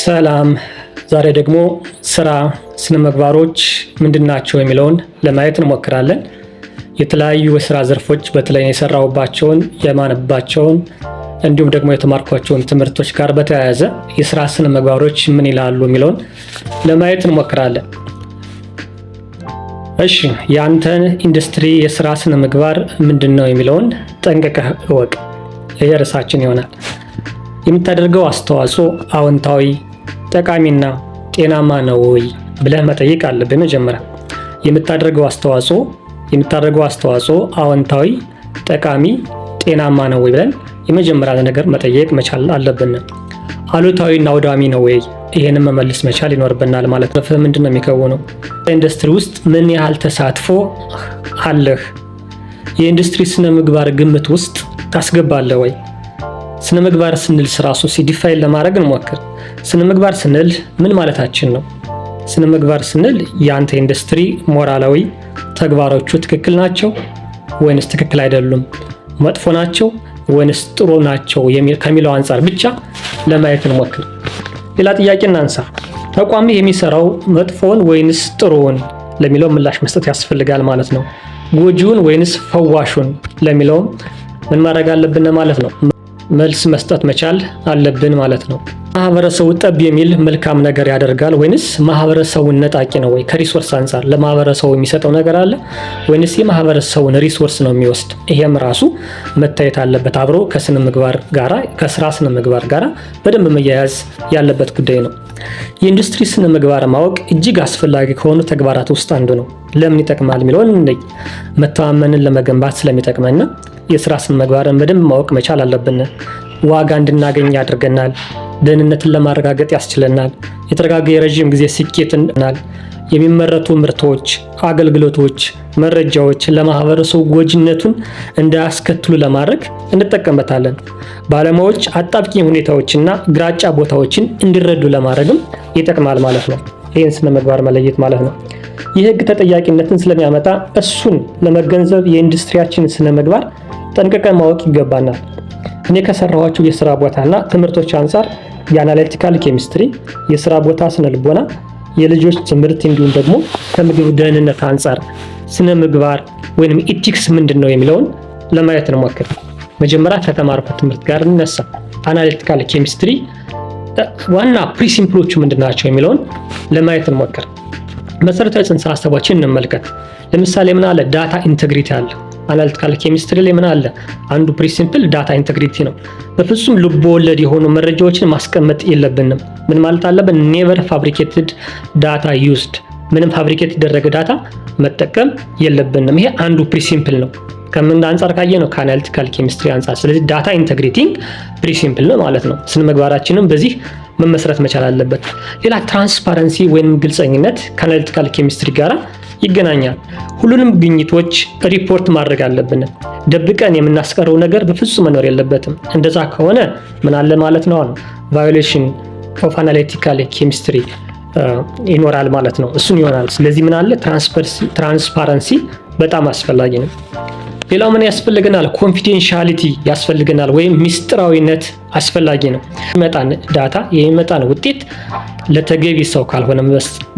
ሰላም። ዛሬ ደግሞ ስራ ስነ ምግባሮች ምንድን ናቸው የሚለውን ለማየት እንሞክራለን። የተለያዩ የስራ ዘርፎች በተለይ የሰራሁባቸውን የማንባቸውን እንዲሁም ደግሞ የተማርኳቸውን ትምህርቶች ጋር በተያያዘ የስራ ስነ ምግባሮች ምን ይላሉ የሚለውን ለማየት እንሞክራለን። እሺ የአንተን ኢንዱስትሪ የስራ ስነ ምግባር ምንድን ነው የሚለውን ጠንቅቀህ እወቅ። ይሄ ርዕሳችን ይሆናል። የምታደርገው አስተዋጽኦ አዎንታዊ፣ ጠቃሚና ጤናማ ነው ወይ ብለህ መጠየቅ አለብህ። መጀመሪያ የምታደርገው አስተዋጽኦ የምታደርገው አስተዋጽኦ አዎንታዊ፣ ጠቃሚ፣ ጤናማ ነው ወይ ብለን የመጀመሪያ ነገር መጠየቅ መቻል አለብን። አሉታዊና አውዳሚ ነው ወይ ይህንም መመልስ መቻል ይኖርብናል ማለት ነው። ምንድን ነው የሚከውነው? በኢንዱስትሪ ውስጥ ምን ያህል ተሳትፎ አለህ? የኢንዱስትሪ ስነ ምግባር ግምት ውስጥ ታስገባለህ ወይ? ስነ ምግባር ስንል ስራሱ ሲዲፋይን ለማድረግ እንሞክር። ስነ ምግባር ስንል ምን ማለታችን ነው? ስነ ምግባር ስንል የአንተ ኢንዱስትሪ ሞራላዊ ተግባሮቹ ትክክል ናቸው ወይንስ ትክክል አይደሉም፣ መጥፎ ናቸው ወይንስ ጥሩ ናቸው ከሚለው አንጻር ብቻ ለማየት እንሞክር። ሌላ ጥያቄ እናንሳ። ተቋሚ የሚሰራው መጥፎውን ወይንስ ጥሩውን ለሚለው ምላሽ መስጠት ያስፈልጋል ማለት ነው። ጎጂውን ወይንስ ፈዋሹን ለሚለውም ምን ማድረግ አለብን ማለት ነው መልስ መስጠት መቻል አለብን ማለት ነው። ማህበረሰቡ ጠብ የሚል መልካም ነገር ያደርጋል ወይንስ ማህበረሰቡን ነጣቂ ነው ወይ? ከሪሶርስ አንጻር ለማህበረሰቡ የሚሰጠው ነገር አለ ወይንስ የማህበረሰቡን ሪሶርስ ነው የሚወስድ? ይሄም ራሱ መታየት አለበት። አብሮ ከስነ ምግባር ጋራ ከስራ ስነ ምግባር ጋራ በደንብ መያያዝ ያለበት ጉዳይ ነው። የኢንዱስትሪ ስነ ምግባር ማወቅ እጅግ አስፈላጊ ከሆኑ ተግባራት ውስጥ አንዱ ነው። ለምን ይጠቅማል የሚለውን እንይ። መተማመንን ለመገንባት ስለሚጠቅመና የስራ ስነ ምግባርን በደንብ ማወቅ መቻል አለብን። ዋጋ እንድናገኝ ያደርገናል። ደህንነትን ለማረጋገጥ ያስችለናል። የተረጋገ የረዥም ጊዜ ስኬት የሚመረቱ ምርቶች፣ አገልግሎቶች፣ መረጃዎች ለማህበረሰቡ ጎጂነቱን እንዳያስከትሉ ለማድረግ እንጠቀምበታለን። ባለሙያዎች አጣብቂኝ ሁኔታዎችና ግራጫ ቦታዎችን እንዲረዱ ለማድረግም ይጠቅማል ማለት ነው። ይህን ስነ ምግባር መለየት ማለት ነው። የህግ ተጠያቂነትን ስለሚያመጣ እሱን ለመገንዘብ የኢንዱስትሪያችን ስነ ምግባር ጠንቅቀን ማወቅ ይገባናል። እኔ ከሰራኋቸው የስራ ቦታና ትምህርቶች አንጻር የአናሊቲካል ኬሚስትሪ፣ የስራ ቦታ ስነልቦና የልጆች ትምህርት እንዲሁም ደግሞ ከምግብ ደህንነት አንጻር ስነ ምግባር ወይም ኢቲክስ ምንድን ነው የሚለውን ለማየት ሞክር። መጀመሪያ ከተማርኩት ትምህርት ጋር እንነሳ። አናሊቲካል ኬሚስትሪ ዋና ፕሪሲምፕሎቹ ምንድን ናቸው የሚለውን ለማየት እንሞክር። መሰረታዊ ጽንሰ ሀሳቦችን እንመልከት። ለምሳሌ ምን አለ? ዳታ ኢንተግሪቲ አለ። አናሊቲካል ኬሚስትሪ ላይ ምን አለ? አንዱ ፕሪሲምፕል ዳታ ኢንተግሪቲ ነው። በፍጹም ልብ ወለድ የሆኑ መረጃዎችን ማስቀመጥ የለብንም። ምን ማለት አለብን? ኔቨር ፋብሪኬትድ ዳታ ዩዝድ፣ ምንም ፋብሪኬት የተደረገ ዳታ መጠቀም የለብንም። ይሄ አንዱ ፕሪሲምፕል ነው። ከምን አንጻር ካየ ነው? ከአናሊቲካል ኬሚስትሪ አንጻር። ስለዚህ ዳታ ኢንቴግሪቲንግ ፕሪሲምፕል ነው ማለት ነው። ስነ ምግባራችንም በዚህ መመስረት መቻል አለበት። ሌላ ትራንስፓረንሲ ወይም ግልፀኝነት ከአናልቲካል ኬሚስትሪ ጋራ ይገናኛል። ሁሉንም ግኝቶች ሪፖርት ማድረግ አለብን። ደብቀን የምናስቀረው ነገር በፍጹም መኖር የለበትም። እንደዛ ከሆነ ምን አለ ማለት ነው? ቫዮሌሽን ኦፍ አናሊቲካል ኬሚስትሪ ይኖራል ማለት ነው። እሱን ይሆናል። ስለዚህ ምን አለ ትራንስፓረንሲ በጣም አስፈላጊ ነው። ሌላው ምን ያስፈልገናል? ኮንፊደንሻሊቲ ያስፈልገናል፣ ወይም ሚስጥራዊነት አስፈላጊ ነው። የሚመጣን ዳታ የሚመጣን ውጤት ለተገቢ ሰው ካልሆነ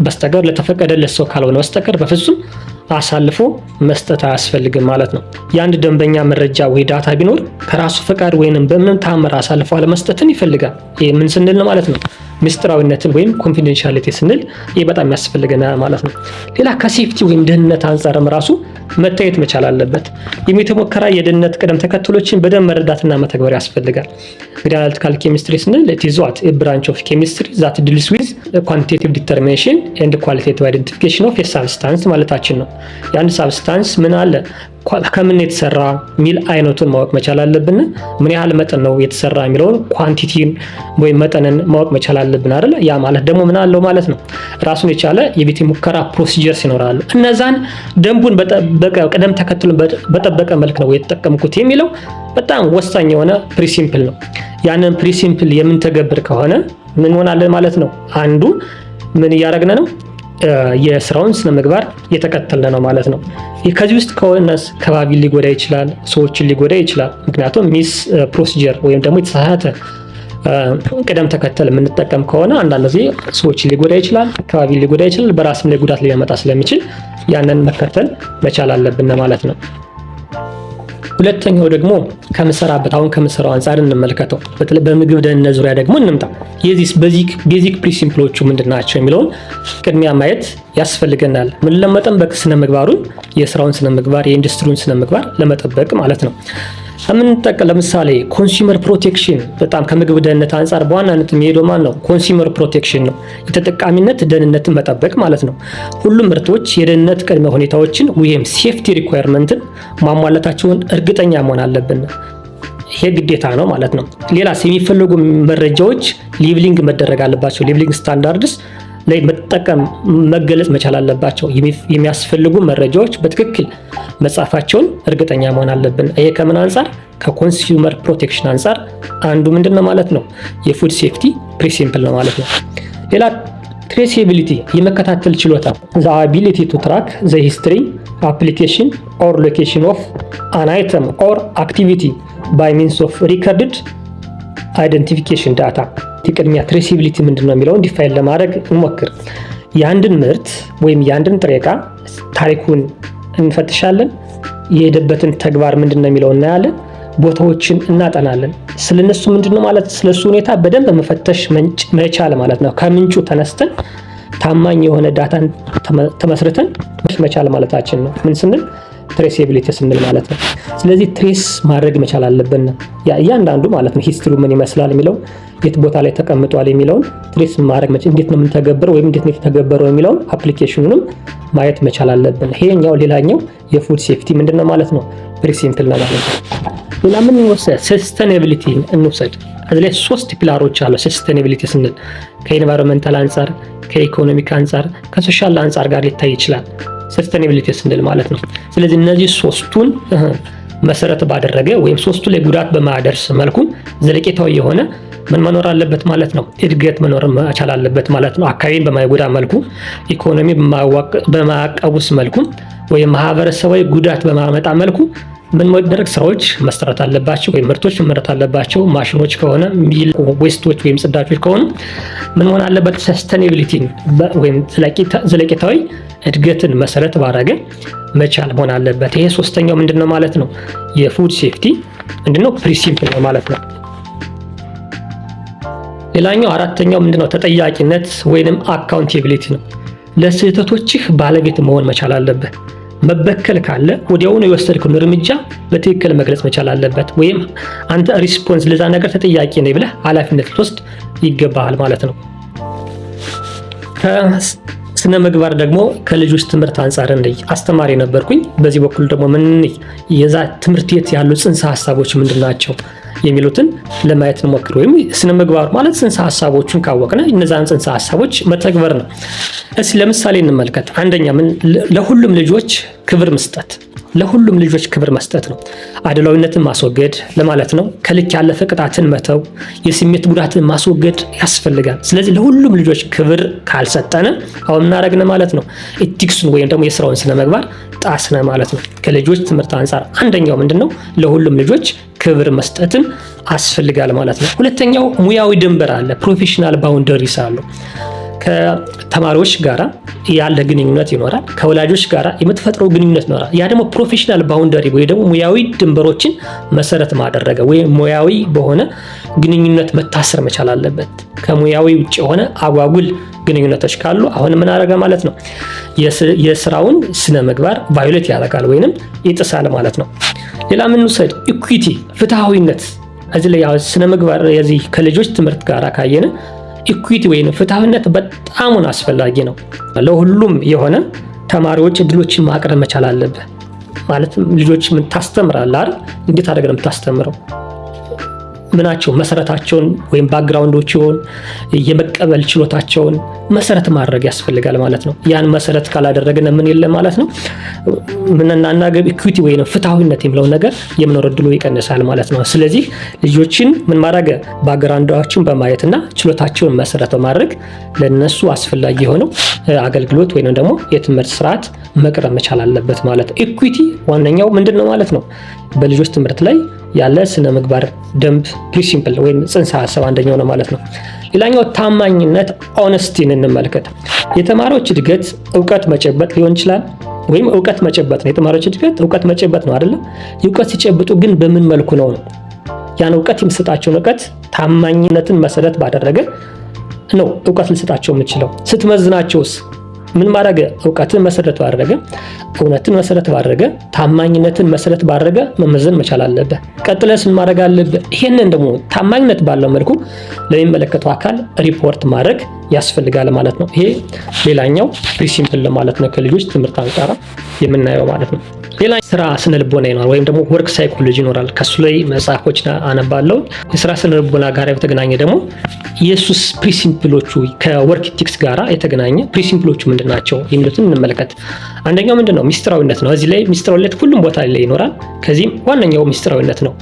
በስተቀር ለተፈቀደለት ሰው ካልሆነ በስተቀር በፍጹም አሳልፎ መስጠት አያስፈልግም ማለት ነው። የአንድ ደንበኛ መረጃ ወይ ዳታ ቢኖር ከራሱ ፈቃድ ወይንም በምን ታምር አሳልፎ አለመስጠትን ይፈልጋል። ይህ ምን ስንል ነው ማለት ነው ምስጢራዊነትን ወይም ኮንፊደንሻሊቲ ስንል ይህ በጣም ያስፈልገና ማለት ነው። ሌላ ከሴፍቲ ወይም ደህንነት አንጻርም ራሱ መታየት መቻል አለበት። የሚተሞከራ የደህንነት ቅደም ተከተሎችን በደንብ መረዳትና መተግበር ያስፈልጋል። እንግዲህ አናልቲካል ኬሚስትሪ ስንል ቲዟት ብራንች ኦፍ ኬሚስትሪ ዛት ድልስ ዊዝ ኳንቲቲቭ ዲተርሚኔሽን ኤንድ ኳሊቲቲቭ አይደንቲፊኬሽን ኦፍ የሳብስታንስ ማለታችን ነው። የአንድ ሳብስታንስ ምን አለ ከምን የተሰራ የሚል አይነቱን ማወቅ መቻል አለብን። ምን ያህል መጠን ነው የተሰራ የሚለውን ኳንቲቲን ወይም መጠንን ማወቅ መቻል አለብን አይደል? ያ ማለት ደግሞ ምን አለው ማለት ነው ራሱን የቻለ የቤት ሙከራ ፕሮሲጀርስ ይኖራሉ። እነዛን ደንቡን በጠበቀ ቅደም ተከትሉን በጠበቀ መልክ ነው የተጠቀምኩት የሚለው በጣም ወሳኝ የሆነ ፕሪሲምፕል ነው። ያንን ፕሪሲምፕል የምንተገብር ከሆነ ምን ሆናለን ማለት ነው አንዱ ምን እያደረግን ነው የስራውን ስነ ምግባር እየተከተልን ነው ማለት ነው። ከዚህ ውስጥ ከሆነስ ከባቢን ሊጎዳ ይችላል፣ ሰዎችን ሊጎዳ ይችላል። ምክንያቱም ሚስ ፕሮሲጀር ወይም ደግሞ የተሳሳተ ቅደም ተከተል የምንጠቀም ከሆነ አንዳንድ ጊዜ ሰዎችን ሊጎዳ ይችላል፣ አካባቢን ሊጎዳ ይችላል፣ በራስም ላይ ጉዳት ሊያመጣ ስለሚችል ያንን መከተል መቻል አለብን ማለት ነው። ሁለተኛው ደግሞ ከምሰራበት አሁን ከምሰራው አንጻር እንመልከተው። በምግብ ደህንነት ዙሪያ ደግሞ እንምጣ። ቤዚክ ፕሪንሲፕሎቹ ምንድን ናቸው የሚለውን ቅድሚያ ማየት ያስፈልገናል። ምን ለመጠበቅ ስነምግባሩን፣ የስራውን ስነምግባር፣ የኢንዱስትሪውን ስነምግባር ለመጠበቅ ማለት ነው። የምንጠቀ ለምሳሌ ኮንሱመር ፕሮቴክሽን በጣም ከምግብ ደህንነት አንጻር በዋናነት የሚሄደው ማን ነው? ኮንሱመር ፕሮቴክሽን ነው። የተጠቃሚነት ደህንነትን መጠበቅ ማለት ነው። ሁሉም ምርቶች የደህንነት ቅድመ ሁኔታዎችን ወይም ሴፍቲ ሪኳየርመንትን ማሟላታቸውን እርግጠኛ መሆን አለብን። ይሄ ግዴታ ነው ማለት ነው። ሌላስ የሚፈለጉ መረጃዎች ሌብሊንግ መደረግ አለባቸው። ሌብሊንግ ስታንዳርድስ ላይ መጠቀም መገለጽ መቻል አለባቸው። የሚያስፈልጉ መረጃዎች በትክክል መጻፋቸውን እርግጠኛ መሆን አለብን። ይሄ ከምን አንጻር? ከኮንሱመር ፕሮቴክሽን አንጻር አንዱ ምንድን ነው ማለት ነው የፉድ ሴፍቲ ፕሪሲምፕል ነው ማለት ነው። ሌላ ትሬሲቢሊቲ የመከታተል ችሎታ ዘ አቢሊቲ ቱ ትራክ ዘ ሂስትሪ አፕሊኬሽን ኦር ሎኬሽን ኦፍ አን አይተም ኦር አክቲቪቲ ባይ ሚንስ ኦፍ ሪከርድድ አይደንቲፊኬሽን ዳታ። ቅድሚያ ትሬሲቢሊቲ ምንድን ነው የሚለውን ዲፋይን ለማድረግ እንሞክር። የአንድን ምርት ወይም የአንድን ጥሬ ዕቃ ታሪኩን እንፈትሻለን። የሄደበትን ተግባር ምንድን ነው የሚለው እናያለን። ቦታዎችን እናጠናለን። ስለነሱ ምንድነው ማለት ስለሱ ሁኔታ በደንብ መፈተሽ መቻል ማለት ነው። ከምንጩ ተነስተን ታማኝ የሆነ ዳታን ተመስርተን መቻል ማለታችን ነው። ምን ስንል ትሬሴቢሊቲ ስንል ማለት ነው። ስለዚህ ትሬስ ማድረግ መቻል አለብን እያንዳንዱ ማለት ነው። ሂስትሪው ምን ይመስላል የሚለው የት ቦታ ላይ ተቀምጧል የሚለውን ትሬስ ማድረግ መቻል፣ እንዴት ነው የምንተገብረው ወይም እንዴት ነው የተገበረው የሚለውን አፕሊኬሽኑንም ማየት መቻል አለብን። ይሄኛው ሌላኛው የፉድ ሴፍቲ ምንድን ነው ማለት ነው። ቬሪ ሲምፕል ነው ማለት ነው። ሌላ ምን ወሰድ ሰስተኔቢሊቲ እንውሰድ። እዚህ ላይ ሶስት ፒላሮች አሉ። ሰስተኔቢሊቲ ስንል ከኢንቫይሮንመንታል አንጻር፣ ከኢኮኖሚክ አንጻር፣ ከሶሻል አንጻር ጋር ሊታይ ይችላል። ሰስቴኔቢሊቲ ስንል ማለት ነው። ስለዚህ እነዚህ ሶስቱን መሰረት ባደረገ ወይም ሶስቱ ላይ ጉዳት በማያደርስ መልኩ ዘለቄታዊ የሆነ ምን መኖር አለበት ማለት ነው። እድገት መኖር መቻል አለበት ማለት ነው። አካባቢን በማይጎዳ መልኩ፣ ኢኮኖሚ በማያቀውስ መልኩ ወይም ማህበረሰባዊ ጉዳት በማመጣ መልኩ ምን መደረግ ስራዎች መሰረት አለባቸው፣ ወይም ምርቶች መመረት አለባቸው። ማሽኖች ከሆነ ዌስቶች ወይም ጽዳቾች ከሆኑ ምን መሆን አለበት? ሰስተኔቢሊቲ ወይም ዘለቄታዊ እድገትን መሰረት ባረገ መቻል መሆን አለበት። ይሄ ሶስተኛው ምንድን ነው ማለት ነው? የፉድ ሴፍቲ ምንድነው ፕሪሲምፕል ነው ማለት ነው። ሌላኛው አራተኛው ምንድነው? ተጠያቂነት ወይንም አካውንቴቢሊቲ ነው። ለስህተቶችህ ባለቤት መሆን መቻል አለበት። መበከል ካለ ወዲያውኑ የወሰድከውን እርምጃ በትክክል መግለጽ መቻል አለበት። ወይም አንተ ሪስፖንስ ለዛ ነገር ተጠያቂ ነኝ ብለህ ኃላፊነት ልትወስድ ይገባሃል ማለት ነው። ስነ ምግባር ደግሞ ከልጆች ትምህርት አንጻር እንደይ አስተማሪ ነበርኩኝ። በዚህ በኩል ደግሞ ምን የዛ ትምህርት ቤት ያሉ ጽንሰ ሀሳቦች ምንድን ናቸው የሚሉትን ለማየት እንሞክር። ወይም ስነ ምግባር ማለት ጽንሰ ሀሳቦቹን ካወቅነ እነዛን ጽንሰ ሀሳቦች መተግበር ነው። እስኪ ለምሳሌ እንመልከት። አንደኛ ለሁሉም ልጆች ክብር መስጠት ለሁሉም ልጆች ክብር መስጠት ነው። አድሏዊነትን ማስወገድ ለማለት ነው። ከልክ ያለፈ ቅጣትን መተው፣ የስሜት ጉዳትን ማስወገድ ያስፈልጋል። ስለዚህ ለሁሉም ልጆች ክብር ካልሰጠነ አሁን ምናደረግነ ማለት ነው፣ ኢቲክሱን ወይም ደግሞ የስራውን ስነ መግባር ጣስነ ማለት ነው። ከልጆች ትምህርት አንጻር አንደኛው ምንድን ነው ለሁሉም ልጆች ክብር መስጠትን አስፈልጋል ማለት ነው። ሁለተኛው ሙያዊ ድንበር አለ፣ ፕሮፌሽናል ባውንደሪስ አሉ። ከተማሪዎች ጋራ ያለ ግንኙነት ይኖራል። ከወላጆች ጋራ የምትፈጥረው ግንኙነት ይኖራል። ያ ደግሞ ፕሮፌሽናል ባውንደሪ ወይ ደግሞ ሙያዊ ድንበሮችን መሰረት ማደረገ ወይም ሙያዊ በሆነ ግንኙነት መታሰር መቻል አለበት። ከሙያዊ ውጭ የሆነ አጓጉል ግንኙነቶች ካሉ አሁን ምን ማለት ነው? የስራውን ስነ ምግባር ቫዮሌት ያደርጋል ወይንም ይጥሳል ማለት ነው። ሌላ ምን ውሰድ? ኢኩዊቲ ፍትሐዊነት እዚህ ላይ ስነ ምግባር የዚህ ከልጆች ትምህርት ጋር ካየን ኢኩዊቲ ወይም ፍትሐዊነት በጣሙን አስፈላጊ ነው። ለሁሉም የሆነ ተማሪዎች እድሎችን ማቅረብ መቻል አለብህ። ማለትም ልጆች ምን ታስተምራለህ አይደል? እንዴት አድርገህ ነው የምታስተምረው? ምናቸው መሰረታቸውን ወይም ባክግራውንዶች ይሆን የመቀበል ችሎታቸውን መሰረት ማድረግ ያስፈልጋል ማለት ነው። ያን መሰረት ካላደረግን ምን የለም ማለት ነው። ምንናናገብ ኢኩዊቲ ወይም ፍትሐዊነት የሚለው ነገር የመኖር እድሉ ይቀንሳል ማለት ነው። ስለዚህ ልጆችን ምን ማድረግ በማየት በማየትና ችሎታቸውን መሰረት በማድረግ ለነሱ አስፈላጊ የሆነው አገልግሎት ወይም ደግሞ የትምህርት ስርዓት መቅረብ መቻል አለበት ማለት ነው። ኢኩዊቲ ዋነኛው ምንድን ነው ማለት ነው። በልጆች ትምህርት ላይ ያለ ስነ ምግባር ደንብ ፕሪሲምፕል ወይም ጽንሰ ሀሳብ አንደኛው ነው ማለት ነው። ሌላኛው ታማኝነት ኦነስቲን እንመልከት። የተማሪዎች እድገት እውቀት መጨበጥ ሊሆን ይችላል ወይም እውቀት መጨበጥ ነው። የተማሪዎች እድገት እውቀት መጨበጥ ነው አይደለም። እውቀት ሲጨብጡ ግን በምን መልኩ ነው ነው ያን እውቀት የምሰጣቸውን እውቀት ታማኝነትን መሰረት ባደረገ ነው እውቀት ልሰጣቸው የምችለው ስትመዝናቸውስ ምን ማድረገ? እውቀትን መሰረት ባደረገ፣ እውነትን መሰረት ባደረገ፣ ታማኝነትን መሰረት ባደረገ መመዘን መቻል አለበ ቀጥለስ ምን ማድረግ አለበ ይህንን ደግሞ ታማኝነት ባለው መልኩ ለሚመለከተው አካል ሪፖርት ማድረግ ያስፈልጋል ማለት ነው። ይሄ ሌላኛው ፕሪሲምፕል ማለት ነው ከልጆች ትምህርት አንጻር የምናየው ማለት ነው። ሌላ ስራ ስነልቦና ይኖራል፣ ወይም ደግሞ ወርክ ሳይኮሎጂ ይኖራል። ከሱ ላይ መጽሐፎች አነባለው። የስራ ስነልቦና ጋር በተገናኘ ደግሞ የሱስ ፕሪሲምፕሎቹ ከወርክ ኢቲክስ ጋር የተገናኘ ፕሪሲምፕሎቹ ምንድን ናቸው የሚሉትን እንመለከት። አንደኛው ምንድን ነው? ሚስጥራዊነት ነው። እዚህ ላይ ሚስጥራዊነት ሁሉም ቦታ ላይ ይኖራል። ከዚህም ዋነኛው ሚስጥራዊነት ነው።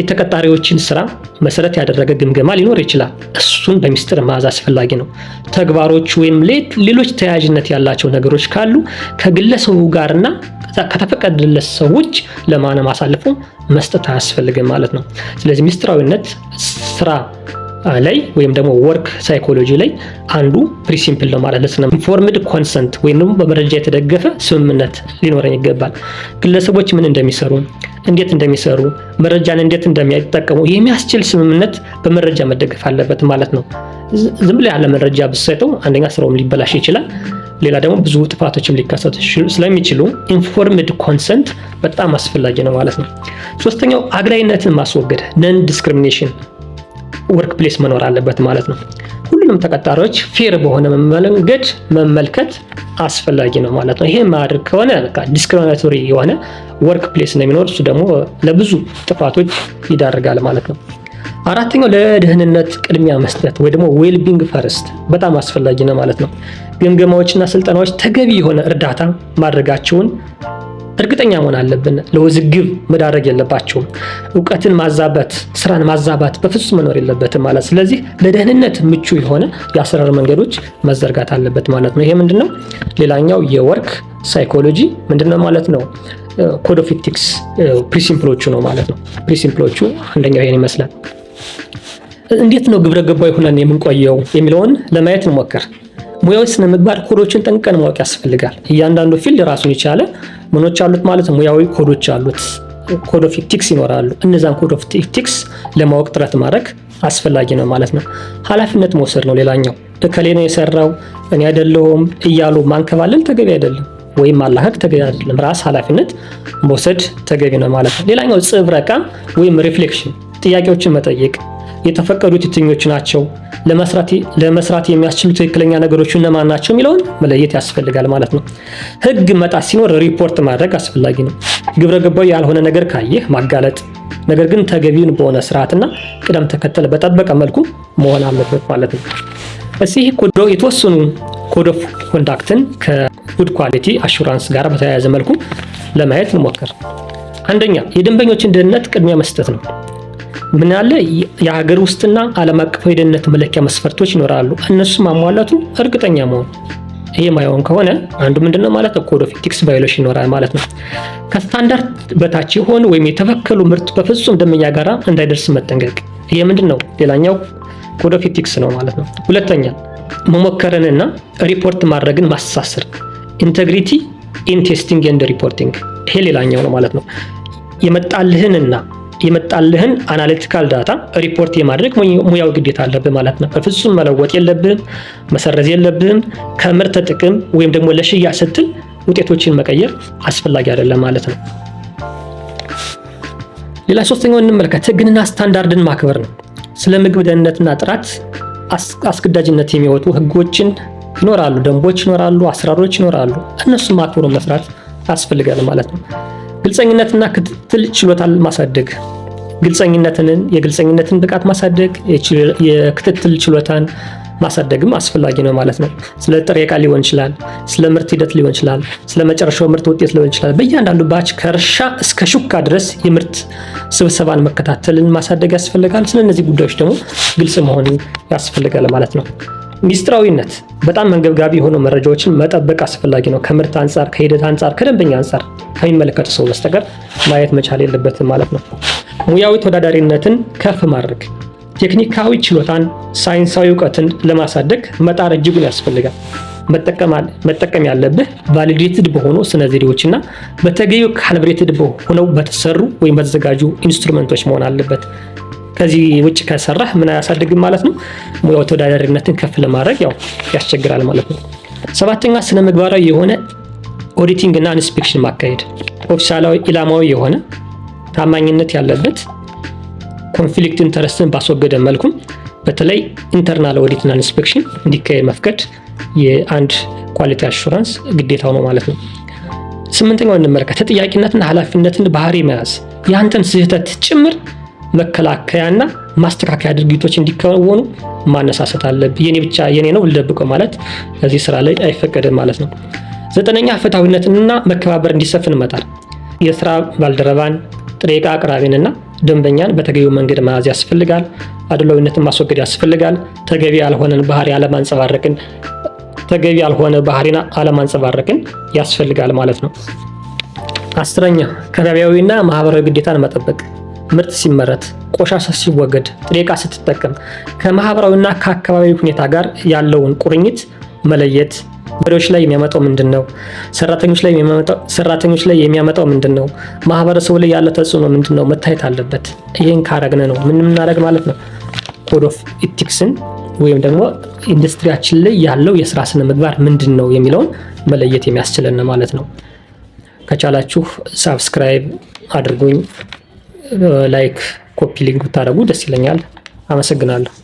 የተቀጣሪዎችን ስራ መሰረት ያደረገ ግምገማ ሊኖር ይችላል። እሱን በሚስጥር መያዝ አስፈላጊ ነው። ተግባሮች ወይም ሌሎች ተያያዥነት ያላቸው ነገሮች ካሉ ከግለሰቡ ጋርና ከተፈቀደለት ሰዎች ለማንም አሳልፎ መስጠት አያስፈልግም ማለት ነው። ስለዚህ ሚስጥራዊነት ስራ ላይ ወይም ደግሞ ወርክ ሳይኮሎጂ ላይ አንዱ ፕሪሲምፕል ነው ማለት ነው። ኢንፎርምድ ኮንሰንት ወይም ደግሞ በመረጃ የተደገፈ ስምምነት ሊኖረን ይገባል። ግለሰቦች ምን እንደሚሰሩ፣ እንዴት እንደሚሰሩ፣ መረጃን እንዴት እንደሚጠቀሙ የሚያስችል ስምምነት በመረጃ መደገፍ አለበት ማለት ነው። ዝም ብሎ ያለ መረጃ ብሳይተው አንደኛ ስራውም ሊበላሽ ይችላል። ሌላ ደግሞ ብዙ ጥፋቶችም ሊከሰቱ ስለሚችሉ ኢንፎርምድ ኮንሰንት በጣም አስፈላጊ ነው ማለት ነው። ሶስተኛው አግላይነትን ማስወገድ ነን ዲስክሪሚኔሽን ወርክ ፕሌስ መኖር አለበት ማለት ነው። ሁሉንም ተቀጣሪዎች ፌር በሆነ መንገድ መመልከት አስፈላጊ ነው ማለት ነው። ይሄ ማድረግ ከሆነ በቃ ዲስክሪሚናቶሪ የሆነ ወርክ ፕሌስ ነው የሚኖር። እሱ ደግሞ ለብዙ ጥፋቶች ይዳርጋል ማለት ነው። አራተኛው ለደህንነት ቅድሚያ መስጠት ወይ ደግሞ ዌልቢንግ ፈርስት በጣም አስፈላጊ ነው ማለት ነው። ግምገማዎችና ስልጠናዎች ተገቢ የሆነ እርዳታ ማድረጋቸውን እርግጠኛ መሆን አለብን። ለውዝግብ መዳረግ የለባቸውም። እውቀትን ማዛባት፣ ስራን ማዛባት በፍጹም መኖር የለበትም ማለት። ስለዚህ ለደህንነት ምቹ የሆነ የአሰራር መንገዶች መዘርጋት አለበት ማለት ነው። ይሄ ምንድነው? ሌላኛው የወርክ ሳይኮሎጂ ምንድነው ማለት ነው። ኮድ ኦፍ ኢቲክስ ነው ማለት ነው። ፕሪሲምፕሎቹ አንደኛው ይሄን ይመስላል። እንዴት ነው ግብረ ገባዊ ሆነን የምንቆየው የሚለውን ለማየት እንሞክር። ሙያዊ ስነ ምግባር ኮዶችን ጠንቅቀን ማወቅ ያስፈልጋል። እያንዳንዱ ፊልድ ራሱን የቻለ ምኖች አሉት ማለት ሙያዊ ኮዶች አሉት። ኮድ ኦፍ ኢቲክስ ይኖራሉ። እነዛን ኮድ ኦፍ ኢቲክስ ለማወቅ ጥረት ማድረግ አስፈላጊ ነው ማለት ነው። ኃላፊነት መውሰድ ነው ሌላኛው። እከሌ ነው የሰራው እኔ አይደለሁም እያሉ ማንከባለል ተገቢ አይደለም፣ ወይም ማላከክ ተገቢ አይደለም። ራስ ኃላፊነት መውሰድ ተገቢ ነው ማለት ነው። ሌላኛው ጽብረቃ ወይም ሪፍሌክሽን ጥያቄዎችን መጠየቅ የተፈቀዱት የትኞቹ ናቸው፣ ለመስራት የሚያስችሉ ትክክለኛ ነገሮች እነማን ናቸው የሚለውን መለየት ያስፈልጋል ማለት ነው። ህግ መጣስ ሲኖር ሪፖርት ማድረግ አስፈላጊ ነው። ግብረ ገባዊ ያልሆነ ነገር ካየህ ማጋለጥ፣ ነገር ግን ተገቢውን በሆነ ስርዓትና ቅደም ተከተል በጠበቀ መልኩ መሆን አለበት ማለት ነው። እዚህ የተወሰኑ ኮድ ኦፍ ኮንዳክትን ከጉድ ኳሊቲ አሹራንስ ጋር በተያያዘ መልኩ ለማየት እንሞክር። አንደኛ የደንበኞችን ደህንነት ቅድሚያ መስጠት ነው። ምን አለ የሀገር ውስጥና ዓለም አቀፍ የደህንነት መለኪያ መስፈርቶች ይኖራሉ። እነሱ ማሟላቱን እርግጠኛ መሆን። ይህ ማይሆን ከሆነ አንዱ ምንድነው ማለት ነው ኮድ ኦፍ ኢቲክስ ቫዮሌሽን ይኖራል ማለት ነው። ከስታንዳርድ በታች የሆኑ ወይም የተበከሉ ምርት በፍጹም ደመኛ ጋር እንዳይደርስ መጠንቀቅ። ይህ ምንድን ነው ሌላኛው ኮድ ኦፍ ኢቲክስ ነው ማለት ነው። ሁለተኛ መሞከርንና ሪፖርት ማድረግን ማስተሳሰር ኢንቴግሪቲ ኢን ቴስቲንግ ኤንድ ሪፖርቲንግ። ይሄ ሌላኛው ነው ማለት ነው የመጣልህንና የመጣልህን አናሊቲካል ዳታ ሪፖርት የማድረግ ሙያዊ ግዴታ አለብህ ማለት ነው። በፍጹም መለወጥ የለብህም፣ መሰረዝ የለብህም። ከምርት ጥቅም ወይም ደግሞ ለሽያጭ ስትል ውጤቶችን መቀየር አስፈላጊ አይደለም ማለት ነው። ሌላ ሶስተኛው እንመልከት፣ ህግንና ስታንዳርድን ማክበር ነው። ስለ ምግብ ደህንነትና ጥራት አስገዳጅነት የሚወጡ ህጎችን ይኖራሉ፣ ደንቦች ይኖራሉ፣ አሰራሮች ይኖራሉ። እነሱም አክብሮ መስራት ያስፈልጋል ማለት ነው። ግልፀኝነትና ክትትል ችሎታን ማሳደግ ግልፀኝነትንን የግልጸኝነትን ብቃት ማሳደግ የክትትል ችሎታን ማሳደግም አስፈላጊ ነው ማለት ነው። ስለ ጥሬ ዕቃ ሊሆን ይችላል፣ ስለ ምርት ሂደት ሊሆን ይችላል፣ ስለ መጨረሻው ምርት ውጤት ሊሆን ይችላል። በእያንዳንዱ ባች ከእርሻ እስከ ሹካ ድረስ የምርት ስብሰባን መከታተልን ማሳደግ ያስፈልጋል። ስለ እነዚህ ጉዳዮች ደግሞ ግልጽ መሆን ያስፈልጋል ማለት ነው። ሚስጥራዊነት በጣም መንገብጋቢ የሆኑ መረጃዎችን መጠበቅ አስፈላጊ ነው። ከምርት አንጻር፣ ከሂደት አንጻር፣ ከደንበኛ አንጻር ከሚመለከቱ ሰው በስተቀር ማየት መቻል የለበትም ማለት ነው። ሙያዊ ተወዳዳሪነትን ከፍ ማድረግ፣ ቴክኒካዊ ችሎታን፣ ሳይንሳዊ እውቀትን ለማሳደግ መጣር እጅጉን ያስፈልጋል። መጠቀም ያለብህ ቫሊዴትድ በሆኑ ስነ ዘዴዎችና በተገቢው ካልብሬትድ ሆነው በተሰሩ ወይም በተዘጋጁ ኢንስትሩመንቶች መሆን አለበት። ከዚህ ውጭ ከሰራህ ምን አያሳድግም ማለት ነው። ሙያው ተወዳዳሪነትን ከፍ ለማድረግ ያው ያስቸግራል ማለት ነው። ሰባተኛ ስነ ምግባራዊ የሆነ ኦዲቲንግ እና ኢንስፔክሽን ማካሄድ ኦፊሻላዊ ኢላማዊ የሆነ ታማኝነት ያለበት ኮንፍሊክት ኢንተረስትን ባስወገደ መልኩም በተለይ ኢንተርናል ኦዲትና ኢንስፔክሽን እንዲካሄድ መፍቀድ የአንድ ኳሊቲ አሹራንስ ግዴታው ነው ማለት ነው። ስምንተኛው እንመለከት፣ ተጠያቂነትና ኃላፊነትን ባህሪ መያዝ የአንተን ስህተት ጭምር መከላከያና ማስተካከያ ድርጊቶች እንዲከወኑ ማነሳሰት አለብ የኔ ብቻ የኔ ነው ልደብቀው ማለት እዚህ ስራ ላይ አይፈቀድም ማለት ነው። ዘጠነኛ ፍትሐዊነትንና መከባበር እንዲሰፍን መጣር የስራ ባልደረባን ጥሬ ዕቃ አቅራቢንና ደንበኛን በተገቢው መንገድ መያዝ ያስፈልጋል። አድሏዊነትን ማስወገድ ያስፈልጋል። ተገቢ ያልሆነን ባህሪ አለማንጸባረቅን ተገቢ ያልሆነ ባህሪን አለማንጸባረቅን ያስፈልጋል ማለት ነው። አስረኛ ከባቢያዊና ማህበራዊ ግዴታን መጠበቅ ምርት ሲመረት፣ ቆሻሻ ሲወገድ፣ ጥሬ ዕቃ ስትጠቀም ከማህበራዊና ከአካባቢ ሁኔታ ጋር ያለውን ቁርኝት መለየት መሪዎች ላይ የሚያመጣው ምንድን ነው? ሰራተኞች ላይ የሚያመጣው ምንድን ነው? ማህበረሰቡ ላይ ያለ ተጽዕኖ ምንድን ነው? መታየት አለበት። ይህን ካረግነ ነው ምንምናደረግ ማለት ነው ኮድ ኦፍ ኢቲክስን ወይም ደግሞ ኢንዱስትሪያችን ላይ ያለው የስራ ስነ ምግባር ምንድን ነው የሚለውን መለየት የሚያስችለን ማለት ነው። ከቻላችሁ ሳብስክራይብ አድርጉኝ፣ ላይክ፣ ኮፒ ሊንክ ብታደርጉ ደስ ይለኛል። አመሰግናለሁ።